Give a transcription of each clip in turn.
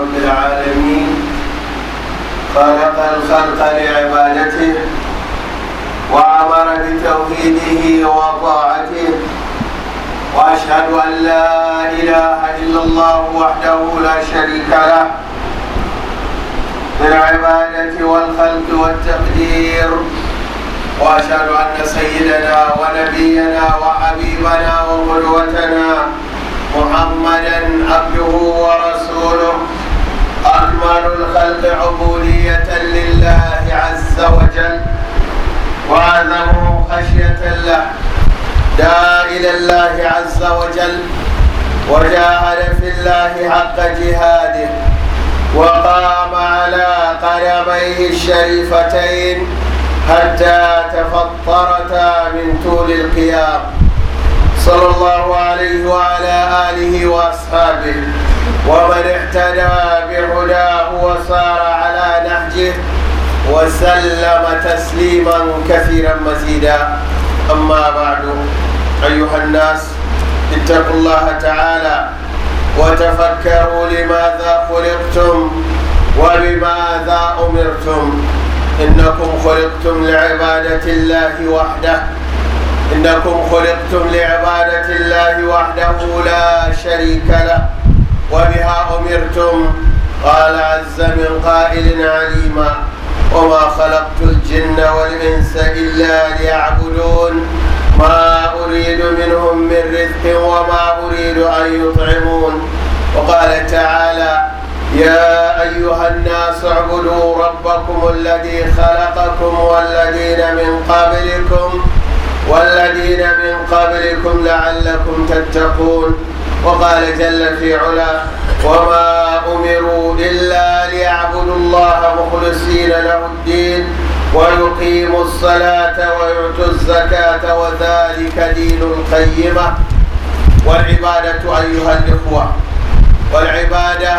رب العالمين خلق الخلق لعبادته وأمر بتوحيده وطاعته وأشهد أن لا إله إلا الله وحده لا شريك له في العبادة والخلق والتقدير وأشهد أن سيدنا ونبينا وحبيبنا وقدوتنا محمدا عبده ورسوله أكبر الخلق عبودية لله عز وجل وأعظم خشية له دعا إلى الله عز وجل وجاهد في الله حق جهاده وقام على قدميه الشريفتين حتى تفطرتا من طول القيام صلى الله عليه وعلى آله وأصحابه ومن اهتدى بهداه وسار على نهجه وسلم تسليما كثيرا مزيدا أما بعد أيها الناس اتقوا الله تعالى وتفكروا لماذا خلقتم وبماذا أمرتم إنكم خلقتم لعبادة الله وحده إنكم خلقتم لعبادة الله وحده لا شريك له وبها أمرتم قال عز من قائل عليما وما خلقت الجن والإنس إلا ليعبدون ما أريد منهم من رزق وما أريد أن يطعمون وقال تعالى يا أيها الناس اعبدوا ربكم الذي خلقكم والذين من قبلكم والذين من قبلكم لعلكم تتقون وقال جل في علا وما أمروا إلا ليعبدوا الله مخلصين له الدين ويقيموا الصلاة ويؤتوا الزكاة وذلك دين القيمة والعبادة أيها الإخوة والعبادة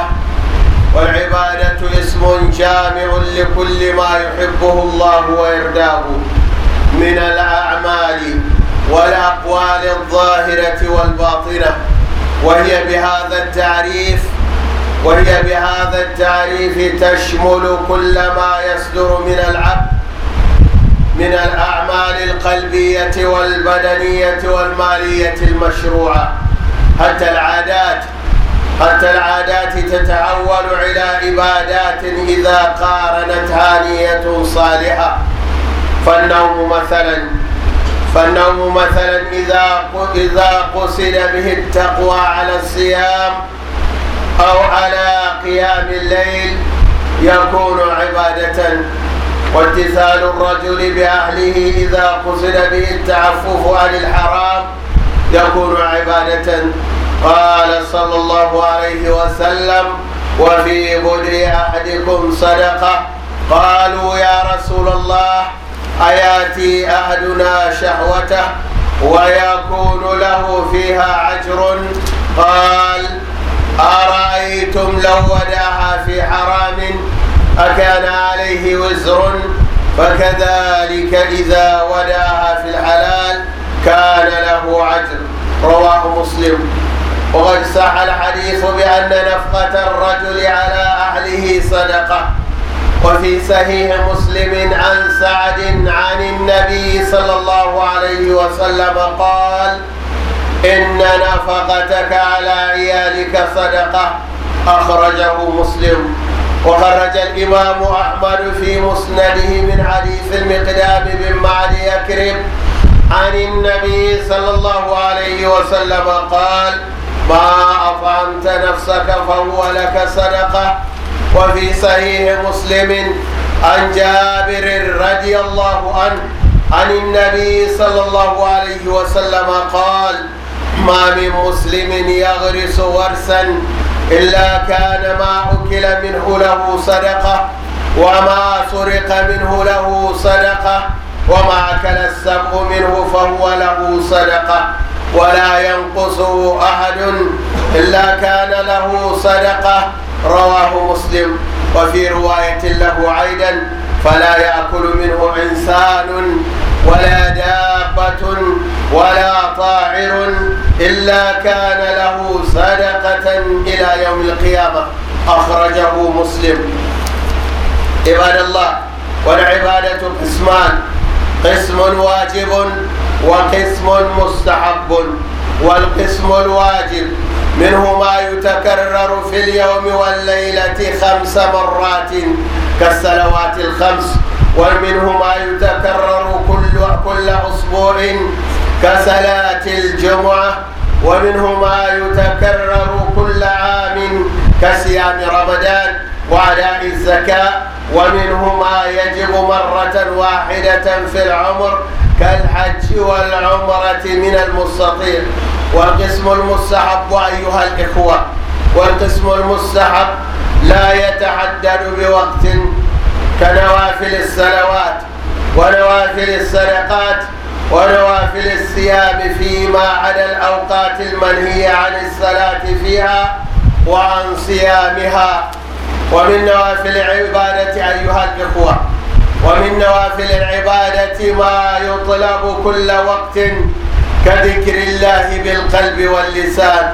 والعبادة اسم جامع لكل ما يحبه الله ويرداه من الأعمال والأقوال الظاهرة والباطنة وهي بهذا التعريف وهي بهذا التعريف تشمل كل ما يصدر من العبد من الأعمال القلبية والبدنية والمالية المشروعة حتى العادات حتى العادات تتحول إلى عبادات إذا قارنتها نية صالحة فالنوم مثلاً فانه مثلا اذا اذا قصد به التقوى على الصيام او على قيام الليل يكون عباده وامتثال الرجل باهله اذا قصد به التعفف عن الحرام يكون عباده قال صلى الله عليه وسلم وفي بدء احدكم صدقه قالوا يا رسول الله أياتي أهلنا شهوته ويكون له فيها عجر قال أرأيتم لو وداها في حرام أكان عليه وزر فكذلك إذا وداها في الحلال كان له عجر رواه مسلم وقد صح الحديث بأن نفقة الرجل على أهله صدقة وفي صحيح مسلم عن سعد وسلم قال إن نفقتك على عيالك صدقة أخرجه مسلم وخرج الإمام أحمد في مسنده من حديث المقدام بن معد يكرم عن النبي صلى الله عليه وسلم قال ما أطعمت نفسك فهو لك صدقة وفي صحيح مسلم عن جابر رضي الله عنه عن النبي صلى الله عليه وسلم قال ما من مسلم يغرس ورسا إلا كان ما أكل منه له صدقة وما سرق منه له صدقة وما أكل السبع منه فهو له صدقة ولا ينقصه أحد إلا كان له صدقة رواه مسلم وفي رواية له عيدا فلا يأكل منه إنسان ولا دابة ولا طاعر إلا كان له صدقة إلى يوم القيامة أخرجه مسلم عباد الله والعبادة قسمان قسم واجب وقسم مستحب والقسم الواجب منه ما يتكرر في اليوم والليلة خمس مرات كالصلوات الخمس ومنه ما يتكرر كل كل أسبوع كصلاة الجمعة ومنه ما يتكرر كل عام كصيام رمضان وأداء الزكاة ومنه ما يجب مرة واحدة في العمر كالحج والعمرة من المستطيع والقسم المستحب أيها الإخوة والقسم المستحب لا يتحدد بوقت كنوافل الصلوات ونوافل الصدقات ونوافل الصيام فيما عدا الأوقات المنهية عن الصلاة فيها وعن صيامها ومن نوافل العبادة أيها الإخوة ومن نوافل العبادة ما يطلب كل وقت كذكر الله بالقلب واللسان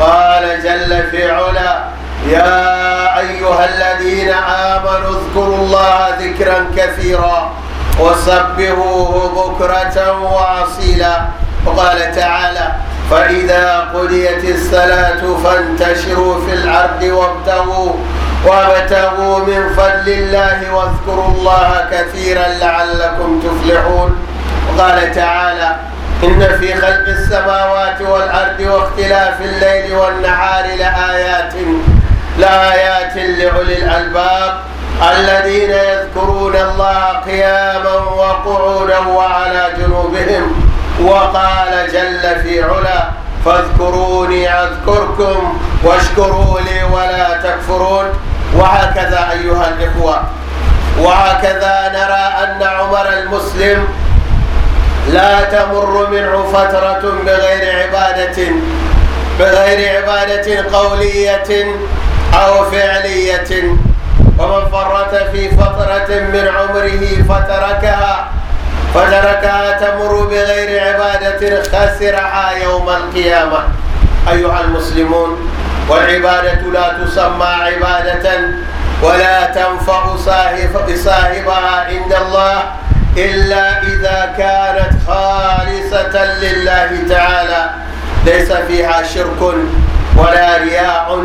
قال جل في علا يا أيها الذين آمنوا اذكروا الله ذكرا كثيرا وسبحوه بكرة وأصيلا وقال تعالى فإذا قضيت الصلاة فانتشروا في الأرض وابتغوا وابتغوا من فضل الله واذكروا الله كثيرا لعلكم تفلحون وقال تعالى إن في خلق السماوات والأرض واختلاف الليل والنهار لآيات لآيات لأولي الألباب الذين يذكرون الله قياما وقعودا وعلى جنوبهم وقال جل في علا فاذكروني أذكركم واشكروا لي ولا تكفرون وهكذا أيها الإخوة وهكذا نرى أن عمر المسلم لا تمر منه فترة بغير عبادة بغير عبادة قولية أو فعلية ومن فرط في فترة من عمره فتركها فتركها تمر بغير عبادة خسرها يوم القيامة أيها المسلمون والعبادة لا تسمى عبادة ولا تنفع صاحبها عند الله إلا إذا كانت خالصة لله تعالى ليس فيها شرك ولا رياء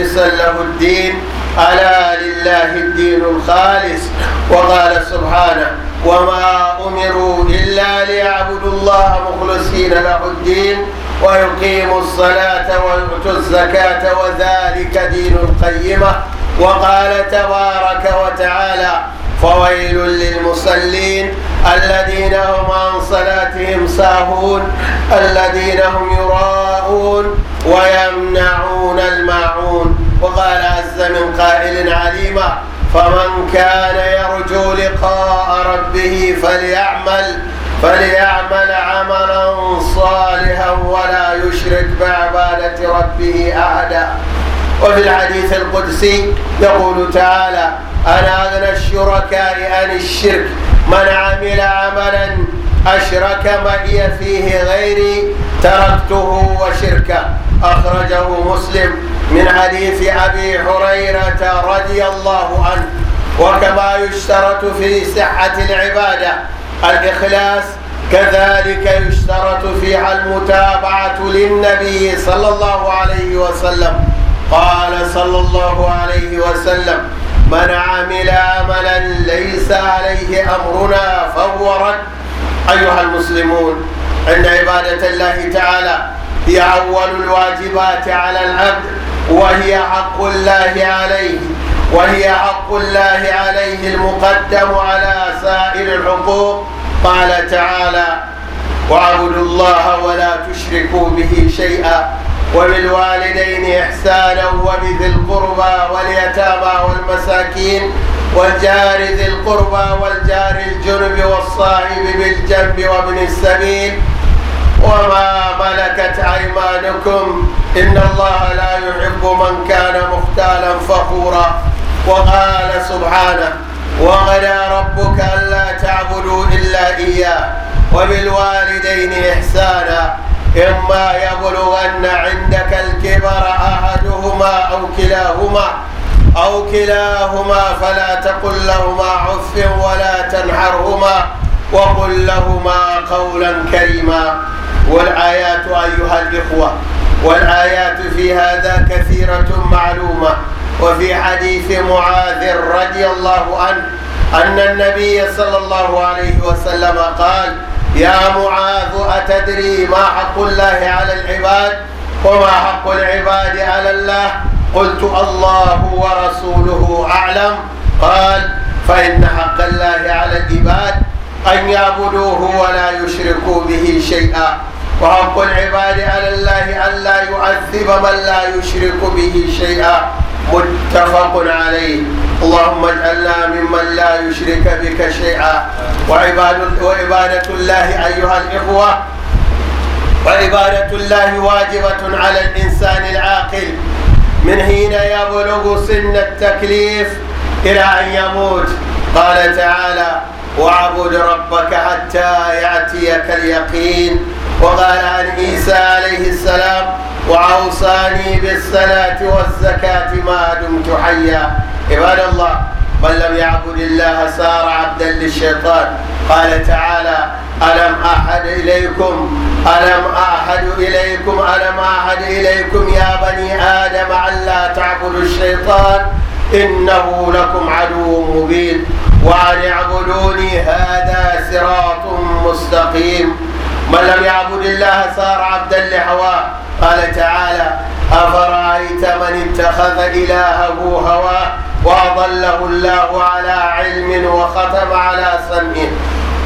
مخلصا له الدين ألا لله الدين الخالص وقال سبحانه وما أمروا إلا ليعبدوا الله مخلصين له الدين ويقيموا الصلاة ويؤتوا الزكاة وذلك دين القيمة وقال تبارك وتعالى فويل للمصلين الذين هم عن صلاتهم ساهون الذين هم يراءون ويمنعون الماعون وقال عز من قائل عليما فمن كان يرجو لقاء ربه فليعمل فليعمل عملا صالحا ولا يشرك بعبادة ربه أحدا وفي الحديث القدسي يقول تعالى أنا أغنى الشركاء عن الشرك من عمل عملا أشرك معي فيه غيري تركته وشركه أخرجه مسلم من حديث أبي هريرة رضي الله عنه وكما يشترط في صحة العبادة الإخلاص كذلك يشترط فيها المتابعة للنبي صلى الله عليه وسلم قال صلى الله عليه وسلم من عمل عملا ليس عليه أمرنا فهو رد أيها المسلمون إن عبادة الله تعالى هي أول الواجبات على العبد وهي حق الله عليه وهي حق الله عليه المقدم على سائر الحقوق قال تعالى واعبدوا الله ولا تشركوا به شيئا وبالوالدين إحسانا وبذي القربى واليتامى والمساكين والجار ذي القربى والجار الجنب والصاحب بالجنب وابن السبيل وما ملكت أيمانكم إن الله لا يحب من كان مختالا فخورا وقال سبحانه وغنى ربك ألا تعبدوا إلا إياه وبالوالدين إحسانا إما يبلغن عندك الكبر أحدهما أو كلاهما أو كلاهما فلا تقل لهما عف ولا تنحرهما وقل لهما قولا كريما والآيات أيها الإخوة والآيات في هذا كثيرة معلومة وفي حديث معاذ رضي الله عنه أن النبي صلى الله عليه وسلم قال يا معاذ أتدري ما حق الله على العباد وما حق العباد على الله قلت الله ورسوله أعلم قال فإن حق الله على العباد أن يعبدوه ولا يشركوا به شيئا وحق العباد على الله أن لا يعذب من لا يشرك به شيئا متفق عليه اللهم اجعلنا ممن لا يشرك بك شيئا وعباد وعبادة الله أيها الإخوة وعبادة الله واجبة على الإنسان العاقل من حين يبلغ سن التكليف إلى أن يموت قال تعالى واعبد ربك حتى يأتيك اليقين وقال عن عيسى عليه السلام وأوصاني بالصلاة والزكاة ما دمت حيا عباد الله من لم يعبد الله صار عبدا للشيطان قال تعالى ألم أحد إليكم ألم أحد إليكم ألم أحد إليكم يا بني آدم ألا تعبدوا الشيطان إنه لكم عدو مبين وأن اعبدوني هذا صراط مستقيم من لم يعبد الله صار عبدا لهواه قال تعالى أفرأيت من اتخذ إلهه هواه وأضله الله على علم وختم على سمعه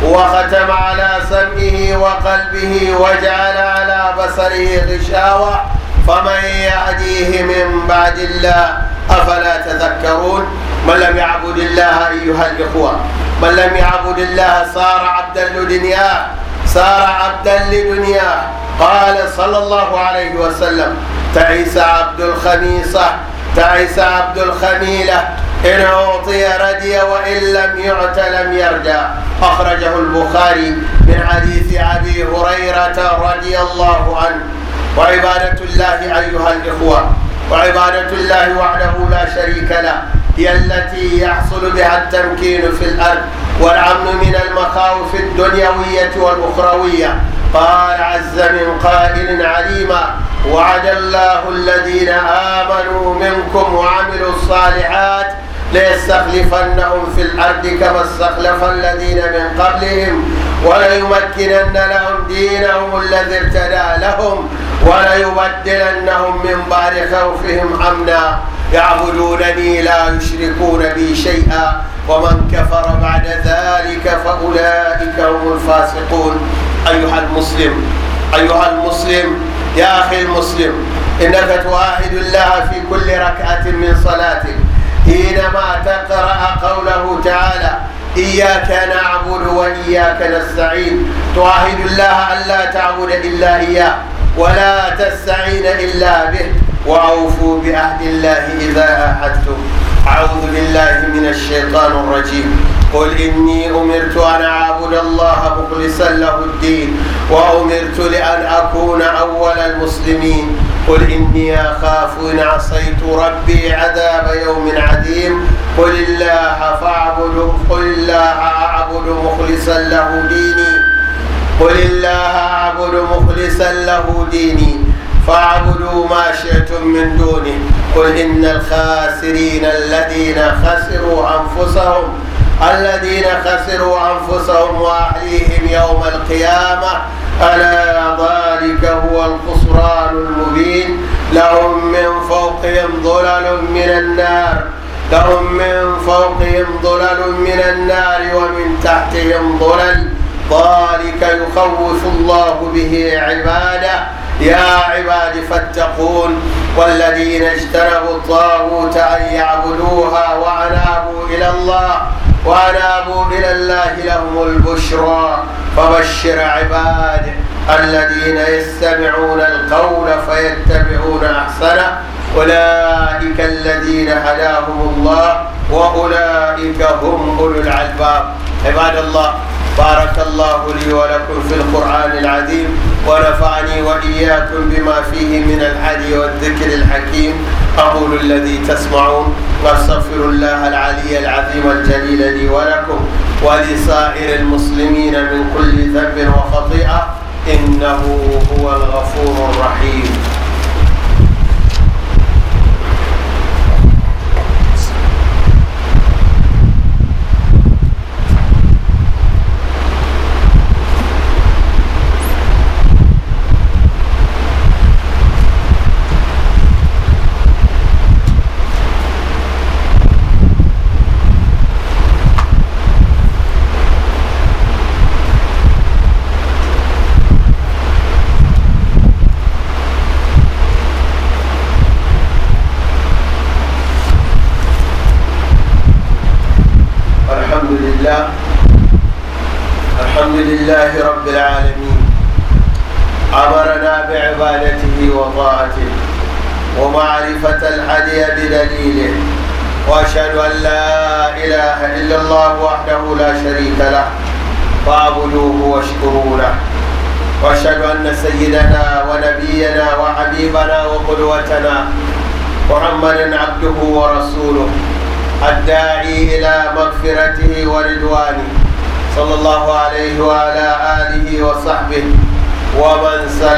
وختم على سمعه وقلبه وجعل على بصره غشاوة فمن يهديه من بعد الله أفلا تذكرون من لم يعبد الله أيها الإخوة من لم يعبد الله صار عبدا لدنياه صار عبدا لدنياه قال صلى الله عليه وسلم تعيس عبد الخميصة تعيس عبد الخميلة إن أعطي ردي وإن لم يعت لم يرجع أخرجه البخاري من حديث أبي هريرة رضي الله عنه وعبادة الله أيها الإخوة وعبادة الله وحده لا شريك له هي التي يحصل بها التمكين في الأرض والأمن من المخاوف الدنيوية والأخروية قال عز من قائل عليما وعد الله الذين آمنوا منكم وعملوا الصالحات ليستخلفنهم في الأرض كما استخلف الذين من قبلهم وليمكنن لهم دينهم الذي ارتدى لهم وليبدلنهم من بعد خوفهم أمنا يعبدونني لا يشركون بي شيئا ومن كفر بعد ذلك فأولئك هم الفاسقون أيها المسلم أيها المسلم يا أخي المسلم إنك تواحد الله في كل ركعة من صلاتك حينما تقرأ قوله تعالى إياك نعبد وإياك نستعين تعاهد الله ألا تعبد إلا إياه ولا تستعين إلا به وأوفوا بعهد الله إذا عاهدتم أعوذ بالله من الشيطان الرجيم قل إني أمرت أن أعبد الله مخلصا له الدين وأمرت لأن أكون أول المسلمين قل إني أخاف إن عصيت ربي عذاب يوم عظيم قل الله فاعبد قل الله أعبد مخلصا له ديني قل الله أعبد مخلصا له ديني فاعبدوا ما شئتم من دونه قل إن الخاسرين الذين خسروا أنفسهم الذين خسروا أنفسهم وأهليهم يوم القيامة ألا ذلك هو الخسران المبين لهم من فوقهم ظلل من النار لهم من فوقهم ظلل من النار ومن تحتهم ظلل ذلك يخوف الله به عباده يا عباد فاتقون والذين اجتنبوا الطاغوت أن يعبدوها وأنابوا إلى الله وأنابوا إلى الله لهم البشرى فبشر عباد الذين يستمعون القول فيتبعون أحسنه أولئك الذين هداهم الله وأولئك هم أولو الألباب عباد الله بارك الله لي ولكم في القرآن العظيم ونفعني وإياكم بما فيه من الحدي والذكر الحكيم أقول الذي تسمعون واستغفر الله العلي العظيم الجليل لي ولكم ولسائر المسلمين من كل ذنب وخطيئة إنه هو الغفور الرحيم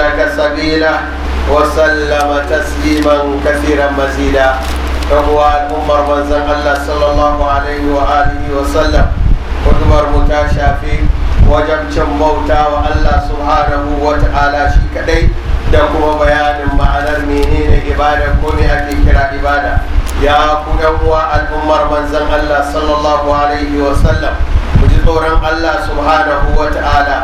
لك سبيلا وسلم تسليما كثيرا مزيدا فهو عمر بن الله صلى الله عليه واله وسلم عمر متاشا في وجب موتا والله سبحانه وتعالى شكدي دكو بيان مع الارمينين عبادة كوني أكيكرا عبادة يا كنوا الأمر من زن الله صلى الله عليه وسلم وجدورا الله سبحانه وتعالى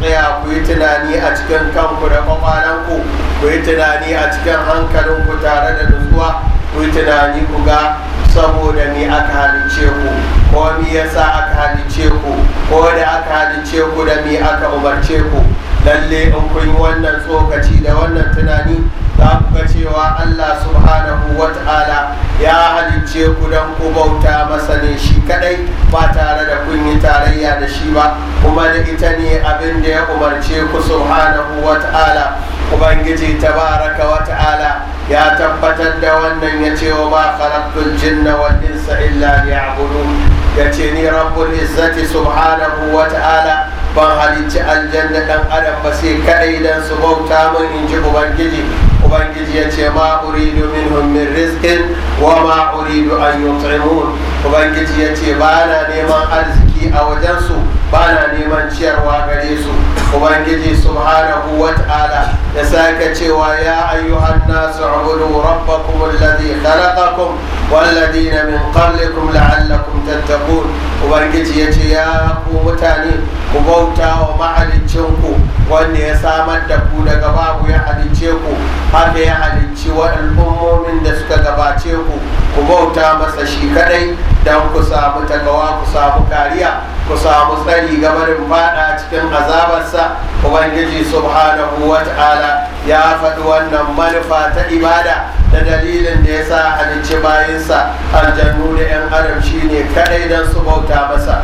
tsaya ku yi tunani a cikin kanku da kwakwalanku ku yi tunani a cikin hankalinku tare da nutsuwa ku yi tunani ku ga saboda ni aka halice ku ko ya yasa aka halice ku ko da aka halice ku da me aka umarce ku lalle in kun yi wannan tsokaci da wannan tunani za ku ga cewa Allah subhanahu wa ta'ala ya halicce ku don ku bauta masa ne shi kadai ba tare da kun yi tarayya da shi ba kuma da ita ne abin da ya umarce ku subhanahu wa ta'ala ubangiji tabaraka wa ta'ala ya tabbatar da wannan ya ce wa ba khalaqtul jinna wal insa illa liya'budun ya ce ni rabbul izzati subhanahu wa ta'ala ban halicci aljanna dan adam ba sai kadai dan su bauta min in ji ubangiji ubangiji ya ce ma uridu minhum min rizqin wa ma uridu an yut'imun ubangiji ya ce ba na neman arziki a wajensu ba na neman ciyarwa gare su ubangiji subhanahu wa ta'ala ya sake cewa ya ayyuhan nasu ubudu rabbakum alladhi khalaqakum walladhina min qablikum la'allakum tattaqun ubangiji ya ce ya ku mutane ku bauta wa mahaliccinku wanda ya samar da ku daga babu ya halicce ku haka ya halicci wa al'ummomin da suka gabace ku ku bauta masa shi kadai don ku samu tagawa ku samu kariya ku samu tsari gabarin fada cikin azabarsa ubangiji subhanahu wa ta'ala ya faɗi wannan manufa ta ibada da dalilin da ya sa halicci bayansa aljannu da 'yan adam shine kadai don su bauta masa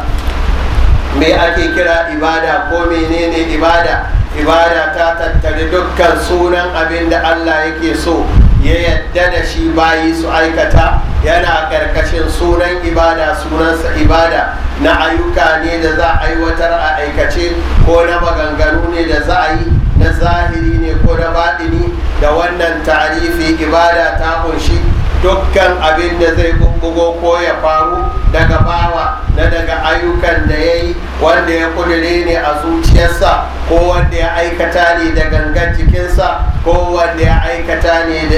me ake kira ibada ko menene ibada ibada ta tattari dukkan sunan abin da allah yake so ya yadda da shi bayi su aikata yana karkashin sunan ibada sunansa ibada na ayyuka ne da za a aiwatar a aikace ko na maganganu ne da za a yi na zahiri ne ko na baɗini da wannan ta'arifi ibada ta kunshi dukkan abin da zai bubbugo ko ya faru daga bawa na daga ayyukan da ya yi wanda ya kudure ne a zuciyarsa ko wanda ya aikata ne da gangan jikinsa ko wanda ya aikata ne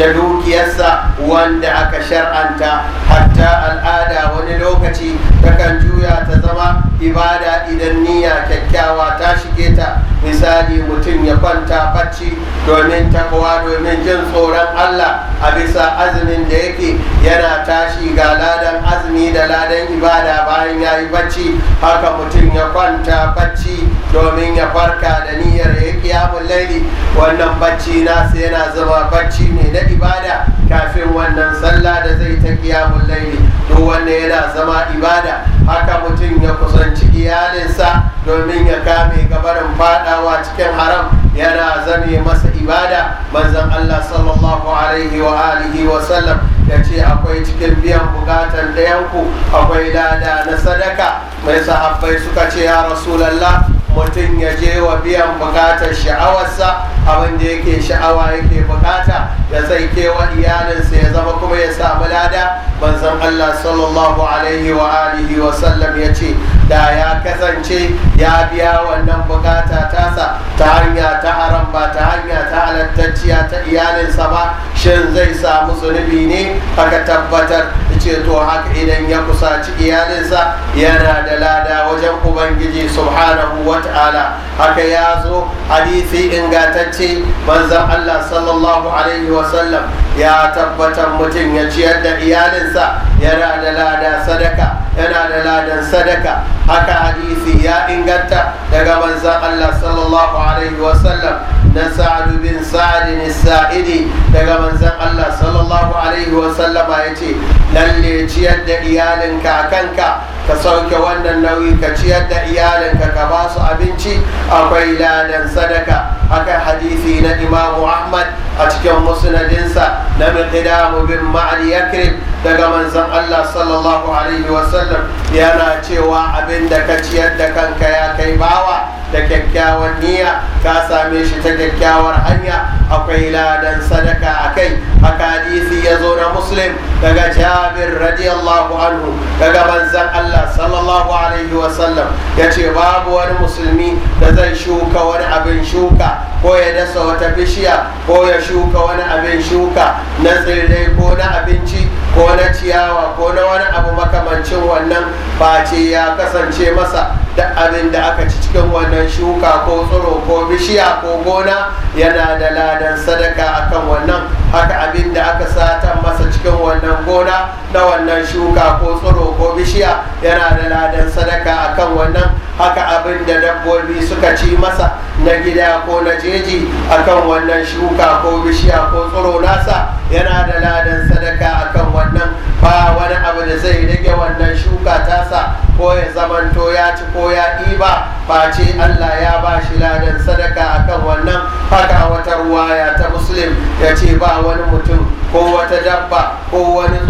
da dukiyarsa wanda aka shar'anta hatta al'ada wani lokaci takan juya ta zama ibada idan niyya kyakkyawa ta shige ta misali mutum ya kwanta bacci domin takawa domin jin tsoron Allah a bisa azumin da yake yana tashi ga ladan azumi da ladan ibada bayan ya yi bacci haka mutum ya kwanta bacci domin ya farka da niyyar ya kiyamun laili wannan bacci nasa yana zama bacci ne na ibada kafin wannan sallah da zai ta kiyamun laili duk wanda yana zama ibada haka mutum ya kusanci iyalinsa domin ya kame gabarin fadawa cikin haram yana zane masa ibada manzon Allah sallallahu alaihi wa alihi wa sallam ya ce akwai cikin biyan bukatan ɗayanku akwai lada na sadaka mai sahabbai suka ce ya rasulallah mutum ya je wa biyan bukatar sha'awarsa abin da yake sha'awa yake bukata ya tsaike wa iyalinsa ya zama kuma ya samu lada manzon Allah sallallahu alaihi wa alihi wa sallam ya ce da ya kasance ya biya wannan bukata tasa ta hanya ta haram ba ta hanya ta halattacciya ta iyalinsa ba shin zai samu zunubi ne aka tabbatar ceto haka idan ya kusaci iyalinsa yana da lada wajen ubangiji subhanahu wa ta'ala haka ya zo hadisi ingantacce manzan allah sallallahu alaihi wasallam ya tabbatar mutum ya ciyar da iyalinsa yana da lada sadaka yana da ladan sadaka haka hadisi ya inganta daga manzan allah sallallahu alaihi wasallam na sa'adu bin sa'adin sa'idi daga manzan Allah sallallahu alaihi wa sallama ya ce lalle ciyar da iyalinka a kanka ka sauke wannan nauyi ka ciyar da iyalinka ka ba su abinci akwai ladan sadaka haka hadisi na imamu ahmad a cikin musnadinsa na miqdamu bin ma'al yakrib daga manzon Allah sallallahu alaihi wa sallam yana cewa abin da ka ciyar da kanka ya kai bawa da kyakkyawar niyya ka same shi ta kyakkyawar hanya akwai ladan sadaka a kai haka hadisi ya zo na muslim daga jabir radiyallahu anhu daga manzan allah sallallahu alaihi wasallam ya ce babu wani musulmi da zai shuka wani abin shuka ko ya dasa wata bishiya ko ya shuka wani abin shuka na tsirrai ko na abinci ko na ciyawa ko na wani abu makamancin wannan face ya kasance masa da abin da aka ci cikin wannan shuka ko tsiro ko bishiya ko gona yana da ladan sadaka akan wannan haka abin da aka sata masa cikin wannan gona na wannan shuka ko tsiro ko bishiya yana da ladan sadaka akan wannan haka abin da dabbobi suka ci masa na gida ko na jeji akan wannan shuka ko bishiya ko tsiro nasa yana da ladan sadaka akan wannan face Allah ya ba shi ladan sadaka akan wannan haka wata ruwaya ta muslim ya ce ba wani mutum ko wata dabba ko wani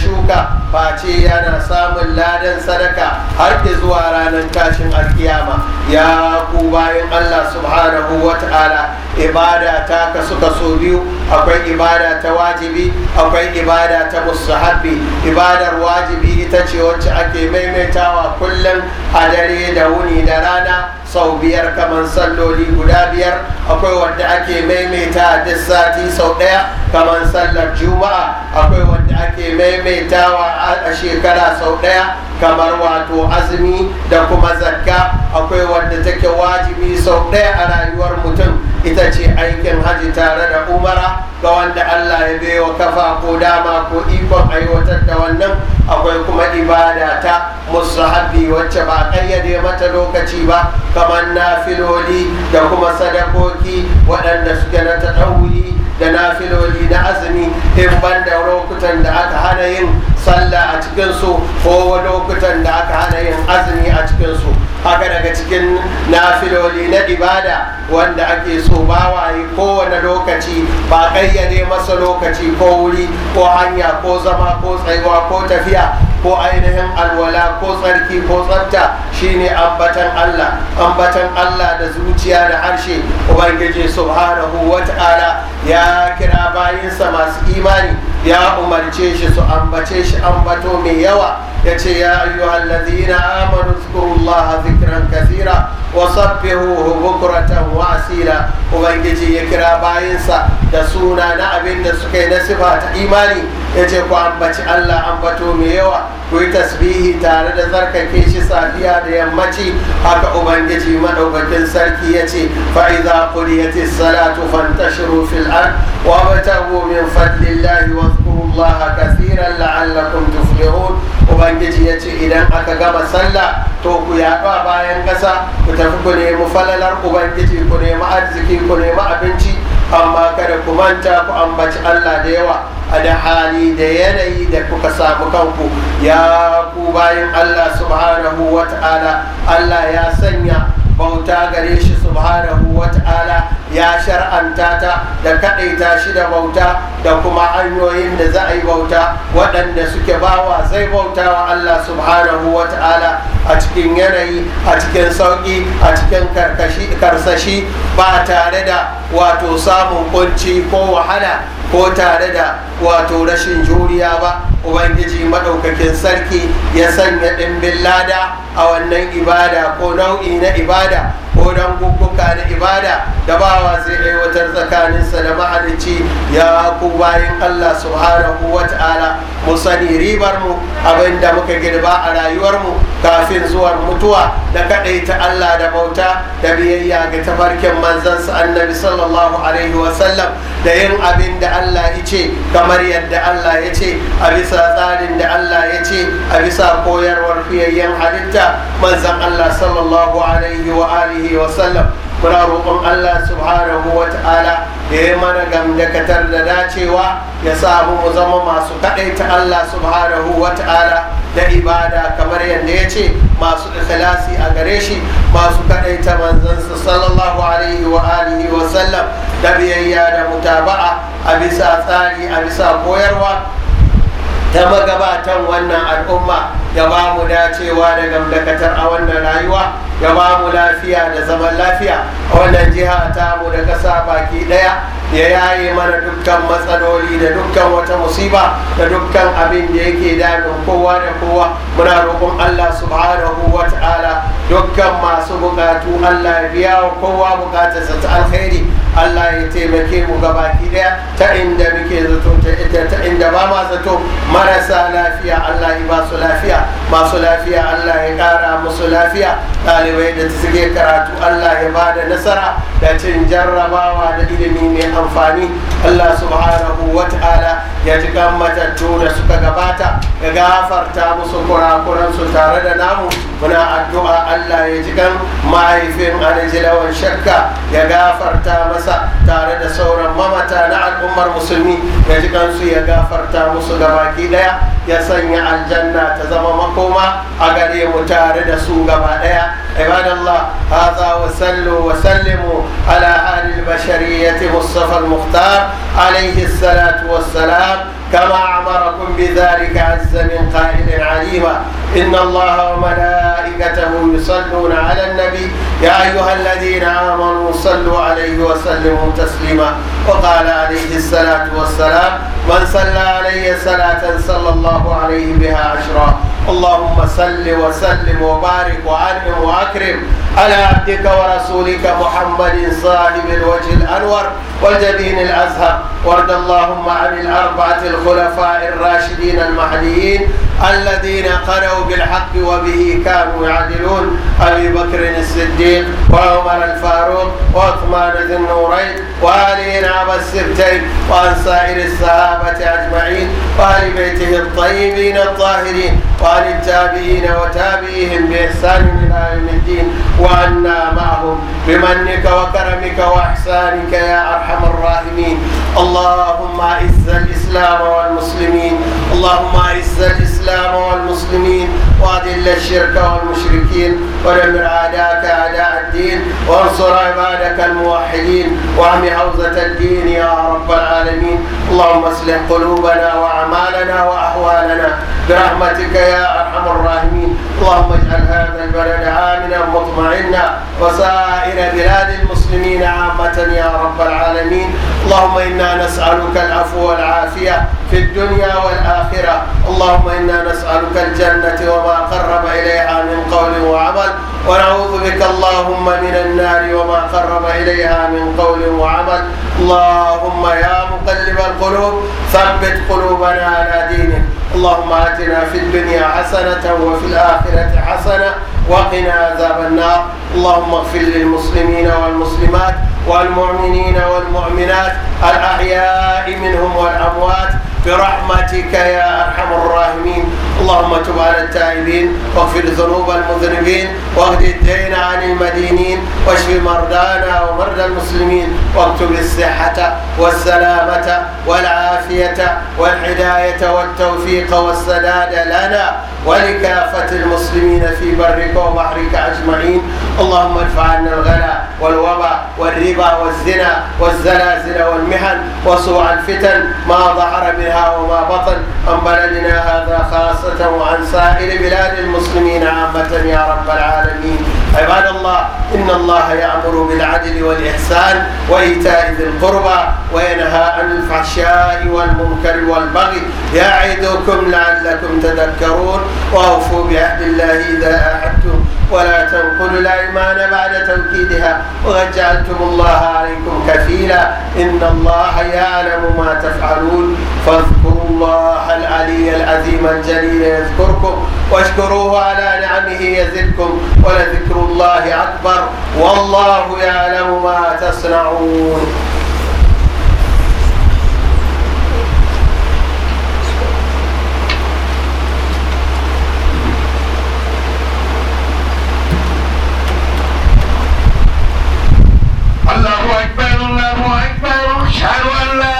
shuka face yana samun ladan sadaka har da zuwa ranar tashin alkiyama ya ku bayan Allah subhanahu wata'ala ibada ta kasu kaso biyu akwai ibada ta wajibi akwai ibada ta musahabi ibadar wajibi ita ce wacce ake maimaitawa kullum a dare da wuni da rana sau biyar kamar salloli guda biyar akwai wanda ake maimaita duk sati sau ɗaya kamar sallar juma'a akwai wanda ake maimaitawa a shekara sau ɗaya kamar wato azumi da kuma zakka akwai wanda take wajibi sau ɗaya a rayuwar mutum ita ce aikin hajji tare da umara kawan da Allah ya bai wa kafa ko dama ko ikon aiwatar da wannan akwai kuma ibada ta musahabi wacce ba kayyade mata lokaci ba kamar nafiloli da kuma sadakoki waɗanda suke na taɗauri da nafiloli na azumi in ban da lokutan da aka hana yin sallah a cikinsu ko lokutan da aka hana yin azumi a cikinsu haka daga cikin nafiloli na ibada wanda ake so bawaye kowane lokaci ba kayyade masa lokaci ko wuri ko hanya ko zama ko tsayuwa ko tafiya ko ainihin alwala ko tsarki ko tsafta shine ambatan Allah ambatan Allah da zuciya da harshe ubangiji subhanahu wata'ala ya kira bayinsa masu imani ya umarce shi su ambace shi ambato mai yawa ya ce ya ayyuhal ladina amanu zkurullaha zikran kasira wa sabbihuhu bukratan wa asila ubangiji ya kira bayansa da suna na abin da suka yi na sifa ta imani yace ku ambaci Allah ambato mai yawa ku yi tasbihi tare da tsarkake shi safiya da yammaci haka ubangiji madaukakin sarki yace fa iza qudiyatis salatu fantashiru fil ard wa wabtagu min fadlillahi wa zkurullaha kathiran la'allakum tuflihun ubangiji yace idan aka gama sallah to ku yaɗu a bayan ƙasa ku tafi ku nemi falalar ubangiji ku nemi arziki ku nemi abinci amma kada ku manta ku ambaci Allah da yawa a da hali da yanayi da kuka samu kanku ya ku bayan Allah subhanahu wa ta'ala Allah ya sanya bauta gare shi subhanahu wa ta'ala ya shar'anta ta da kaɗaita shi da bauta da kuma hanyoyin da za a yi bauta waɗanda suke bawa zai bauta wa Allah subhanahu wa ta'ala a cikin yanayi a cikin sauƙi a cikin karsashi ba tare da wato samun kunci ko wahala ko tare da wato rashin juriya ba ubangiji maɗaukakin sarki ya sanya ɗimbin lada a wannan ibada ko nau'i na ibada ko dangugguka na ibada da bawa zai aiwatar tsakaninsa da mahalicci ya ku bayan Allah subhanahu wa ta'ala mu sani ribar mu abinda muka girba a rayuwar mu kafin zuwar mutuwa da kadaita Allah da bauta da biyayya ga tafarkin manzansa annabi sallallahu alaihi wa sallam da yin abin da Allah ya ce kamar yadda Allah ya ce a bisa tsarin da Allah ya ce a bisa koyarwar fiyayyen halitta manzan Allah sallallahu alaihi wa alihi alihi wa sallam muna roƙon Allah subhanahu wa ta'ala ya yi mana gamdakatar da dacewa ya samu mu zama masu kaɗaita Allah subhanahu wa ta'ala da ibada kamar yadda ya ce masu ikhlasi a gare shi masu kaɗaita manzansa sallallahu alaihi wa alihi wa sallam da biyayya da mutaba'a a bisa tsari a bisa koyarwa ta magabatan wannan al'umma ya ba mu dacewa da gamdakatar a wannan rayuwa ya ba mu lafiya da zaman lafiya a wannan jiha ta mu da kasa baki daya ya yaye mana dukkan matsaloli da dukkan wata musiba da dukkan abin da yake damin kowa da kowa muna roƙon Allah subhanahu wa ta'ala dukkan masu bukatu Allah ya biya wa kowa bukatarsa ta alkhairi Allah ya taimake mu gabaki daya ta inda muke zato ta inda ba ma zato marasa lafiya Allah ya ba su lafiya masu lafiya Allah ya ƙara musu lafiya ɗalibai da suke karatu Allah ya ba da nasara da cin jarrabawa da ilimi mai amfani Allah subhanahu wa ta'ala ya ji kan matattu da suka gabata ya gafarta musu kurakuransu tare da namu muna addu'a Allah ya ji kan mahaifin alajilawan shakka ya gafarta masa tare da sauran mamata na al'ummar musulmi ya ji kansu ya gafarta musu gabaki daya ya sanya aljanna ta zama makoma a gare mu tare da su gaba daya ibadallah hadha wa sallu wa sallimu ala ahli al-bashariyyati mustafa al-mukhtar alayhi salatu wassalam كما أمركم بذلك عز من قائل عليما إن الله وملائكته يصلون على النبي يا أيها الذين آمنوا صلوا عليه وسلموا تسليما وقال عليه الصلاة والسلام من صلى علي صلاة صلى الله عليه بها عشرا اللهم صل وسلم وبارك وعلم وأكرم على عبدك ورسولك محمد صاحب الوجه الأنور والجبين الأزهر وارض اللهم عن الأربعة الخلفاء الراشدين المهديين الذين قروا بالحق وبه كانوا يعدلون أبي بكر الصديق وعمر الفاروق وعثمان ذي النورين وآل نعم السبتين وعن سائر الصحابة أجمعين وآل بيته الطيبين الطاهرين وعن التابعين وتابعيهم بإحسان إلى يوم الدين وعنا معهم بمنك وكرمك وإحسانك يا أرحم الراحمين اللهم أعز الإسلام والمسلمين اللهم أعز الإسلام والمسلمين وأذل الشرك والمشركين ودمر أعداءك أعداء الدين وانصر عبادك الموحدين واعم حوزة الدين يا رب العالمين اللهم اصلح قلوبنا وأعمالنا وأحوالنا برحمتك يا أرحم الراحمين اللهم اجعل هذا البلد آمنا مطمئنا وسائر بلاد المسلمين عامة يا رب العالمين اللهم إنا نسألك العفو والعافية في الدنيا والآخرة اللهم إنا نسألك الجنة وما قرب إليها من قول وعمل ونعوذ بك اللهم من النار وما قرب إليها من قول وعمل اللهم يا مقلب القلوب ثبت قلوبنا على دينك اللهم آتنا في الدنيا حسنة وفي الآخرة حسنة وقنا عذاب النار اللهم اغفر للمسلمين والمسلمات والمؤمنين والمؤمنات الأحياء منهم والأموات برحمتك يا أرحم الراحمين اللهم تب على التائبين واغفر ذنوب المذنبين واهد الدين عن المدينين واشف مرضانا ومرضى المسلمين واكتب الصحة والسلامة والعافية والهداية والتوفيق والسداد لنا ولكافة المسلمين في برك وبحرك أجمعين اللهم ادفع عنا الغلا والوبا والربا والزنا والزلازل والمحن وسوء الفتن ما ظهر من بها وما بطن عن بلدنا هذا خاصة وعن سائر بلاد المسلمين عامة يا رب العالمين عباد الله إن الله يأمر بالعدل والإحسان وإيتاء ذي القربى وينهى عن الفحشاء والمنكر والبغي يعدكم لعلكم تذكرون وأوفوا بعهد الله إذا أعدتم ولا تنقلوا الأيمان بعد توكيدها وقد جعلتم الله عليكم كفيلا إن الله يعلم ما تفعلون فاذكروا الله العلي العظيم الجليل يذكركم واشكروه على نعمه يزدكم ولذكر الله أكبر والله يعلم ما تصنعون Shadow and Land.